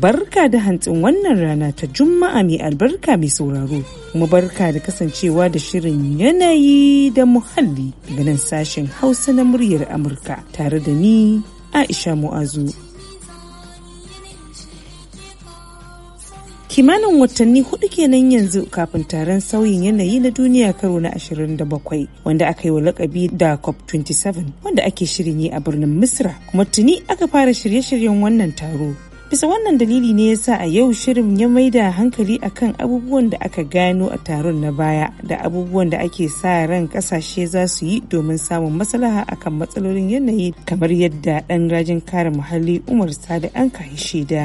Barka da hantsin wannan rana ta Juma'a mai albarka mai sauraro, kuma barka da kasancewa da shirin yanayi da muhalli daga nan sashen Hausa na muryar Amurka tare da ni Aisha Mu'azu. Kimanin watanni hudu kenan yanzu kafin taron sauyin yanayi na duniya karo na 27 wanda aka yi wa lakabi da COP27 wanda ake shirin yi a birnin Misra kuma tuni aka fara shirye-shiryen wannan taro bisa wannan dalili ne yasa a yau shirin ya maida hankali akan abubuwan da aka gano a taron na baya da abubuwan da ake sa ran kasashe za su yi domin samun maslaha akan matsalolin yanayi kamar yadda ɗan rajin kare muhalli umar sadi an kayi shaida.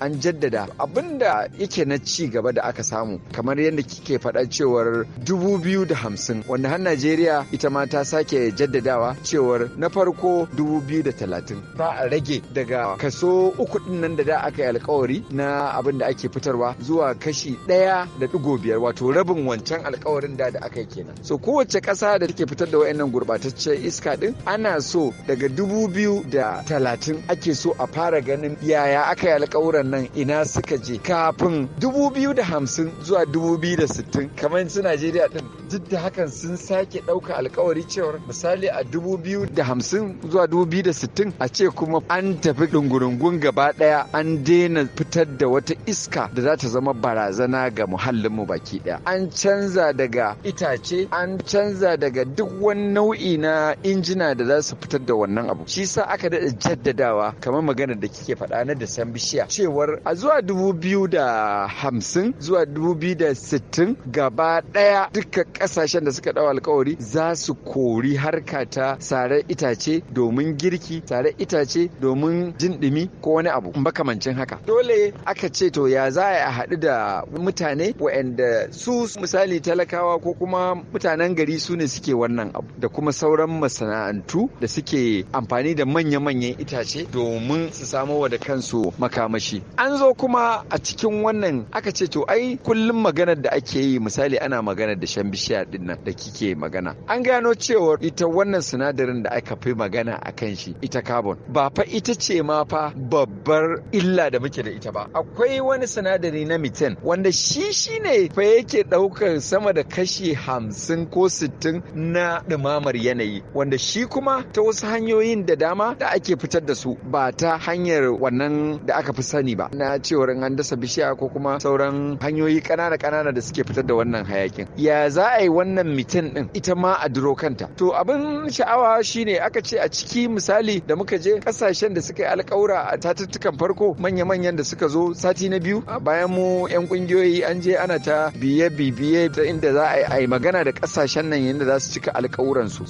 an jaddada abinda yake na ci gaba da aka samu kamar yadda kike faɗa cewar dubu biyu da hamsin wanda har najeriya ita ma ta sake jaddadawa cewar na farko dubu biyu da talatin za a rage daga kaso uku din nan da da aka yi alkawari na abinda ake fitarwa zuwa kashi ɗaya da ɗigo biyar wato rabin wancan alkawarin da da aka yi kenan so kowace ƙasa da take fitar da wayannan gurɓataccen iska din ana so daga dubu biyu da talatin ake so a fara ganin yaya aka yi alkawuran nan ina suka je kafin 2050 zuwa 2060 kamar su Najeriya din duk da hakan sun sake ɗauka alkawari cewar misali a 2050 zuwa 2060 a ce kuma an tafi ɗungurungun gaba ɗaya an daina fitar da wata iska da za ta zama barazana ga muhallinmu baki ɗaya an canza daga itace an canza daga duk wani nau'i na injina da za su fitar da wannan abu shi sa aka daɗa jaddadawa kamar magana da kike faɗa na da san bishiya a zuwa dubu biyu da hamsin zuwa dubu biyu da sittin gaba ɗaya duka kasashen da suka ɗau alkawari za su kori harka ta sare itace domin girki sare itace domin jin dimi ko wani abu makamancin haka dole aka ce to ya za a haɗu da mutane waɗanda su misali talakawa ko kuma mutanen gari su ne suke wannan abu da kuma sauran masana'antu da suke amfani da manya-manyan itace domin su samo wa da kansu makamashi an zo kuma a cikin wannan aka ce to ai kullum maganar da ake yi misali ana maganar da shan bishiya din nan da kike magana an gano cewa ita wannan sinadarin da aka fi magana a kan shi ita carbon ba fa ita ce ma fa babbar illa da muke da ita ba akwai wani sinadari na methane wanda shi shi ne fa yake daukar sama da kashi hamsin ko sittin na ɗumamar yanayi wanda shi kuma ta wasu hanyoyin da dama da ake fitar da su ba ta hanyar wannan da aka fi sani ba na cewar an dasa bishiya ko kuma sauran hanyoyi ƙanana kanana da suke fitar da wannan hayakin ya za a yi wannan mitin din ita ma a duro kanta to abin sha'awa shine aka ce a ciki misali da muka je kasashen da suka yi alƙawura a tatattukan farko manya-manyan da suka zo sati na biyu bayan mu 'yan kungiyoyi an je ana ta biye-biye ta inda za a yi magana da kasashen nan yadda za su cika alƙawuransu.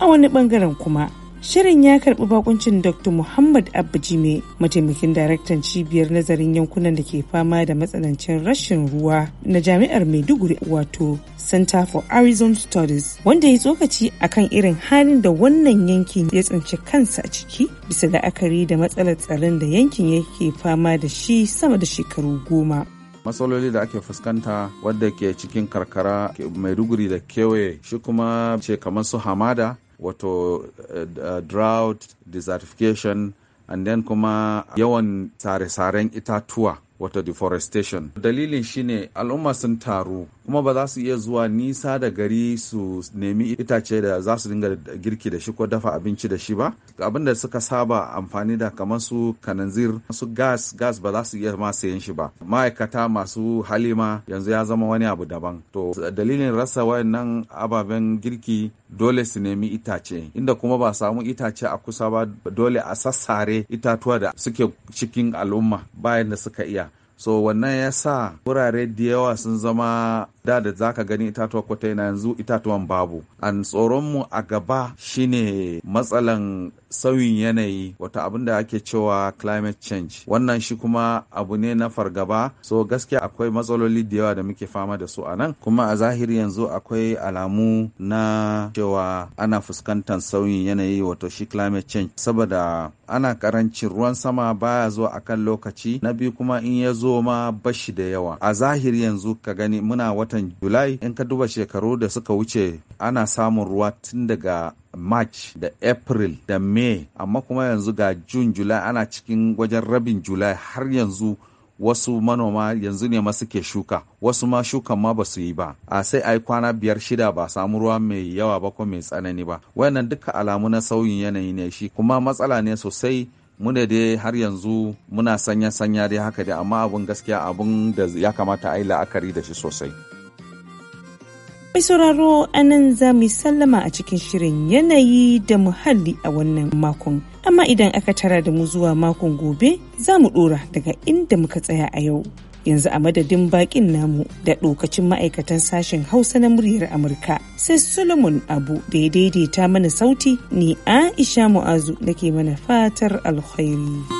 a wani bangaren kuma Shirin ya karɓi bakuncin Dr. Muhammad Abujime, mataimakin daraktan cibiyar nazarin yankunan da ke fama da matsanancin rashin ruwa na jami'ar Maiduguri wato Center for Arizona Studies, wanda ya tsokaci a kan irin halin da wannan yankin ya tsinci kansa a ciki bisa la'akari da matsalar tsarin da yankin yake fama da shi sama da shekaru goma. matsaloli da ake fuskanta wadda ke cikin karkara maiduguri da kewaye shi kuma ce kamar su hamada wato eh, eh, drought desertification and then kuma yawan sare-saren itatuwa wato deforestation dalilin shine al'umma sun taru kuma ba za su iya zuwa nisa da gari su nemi itace da za su dinga girki da shi ko dafa abinci da shi ba abin da suka saba amfani da kamar su kananzir su gas gas ba za su iya ma sayan shi ba ma'aikata masu halima yanzu ya zama wani abu daban to dalilin rasa wayannan ababen girki dole su nemi itace inda kuma ba samu itace a kusa ba dole a sassare itatuwa da suke cikin al'umma bayan da suka iya so wannan ya sa wurare da yawa sun zama da da ka gani itatuwa kwata yana yanzu itatuwan babu an tsoronmu a gaba shine matsalan sauyin yanayi wata abin da ake cewa climate change wannan shi kuma abu ne na fargaba so gaskiya akwai matsaloli da yawa da muke fama da su anan. kuma a zahiri yanzu akwai alamu na cewa ana fuskantar sauyin yanayi wato shi climate change saboda ana karancin ruwan sama baya zuwa akan lokaci na biyu kuma in ya zo ma bashi da yawa a zahiri yanzu ka gani muna watan julai in ka duba shekaru da suka wuce ana samun ruwa tun daga march da april da may amma kuma yanzu ga june july ana cikin wajen rabin julai har yanzu wasu manoma yanzu ne masu ke shuka wasu ma shukan ma ba su yi ba a sai ai kwana biyar shida ba samu ruwa mai yawa ba ko mai tsanani ba wayannan duka alamu na sauyin yanayi ne shi kuma matsala ne sosai mu ne dai har yanzu muna sanya sanya dai haka dai amma abun gaskiya abun da ya kamata a yi la'akari da shi sosai. Mai sauraro a nan za mu sallama a cikin shirin yanayi da muhalli a wannan makon. Amma idan aka tara da mu zuwa makon gobe za mu ɗora daga inda muka tsaya a yau. yanzu a madadin bakin namu da ɗokacin ma'aikatan sashen hausa na muryar amurka sai solomon abu da ya daidaita mana sauti ni aisha mu'azu nake mana fatar alkhairi.